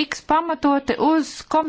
tiks pamatoti uz komisiju.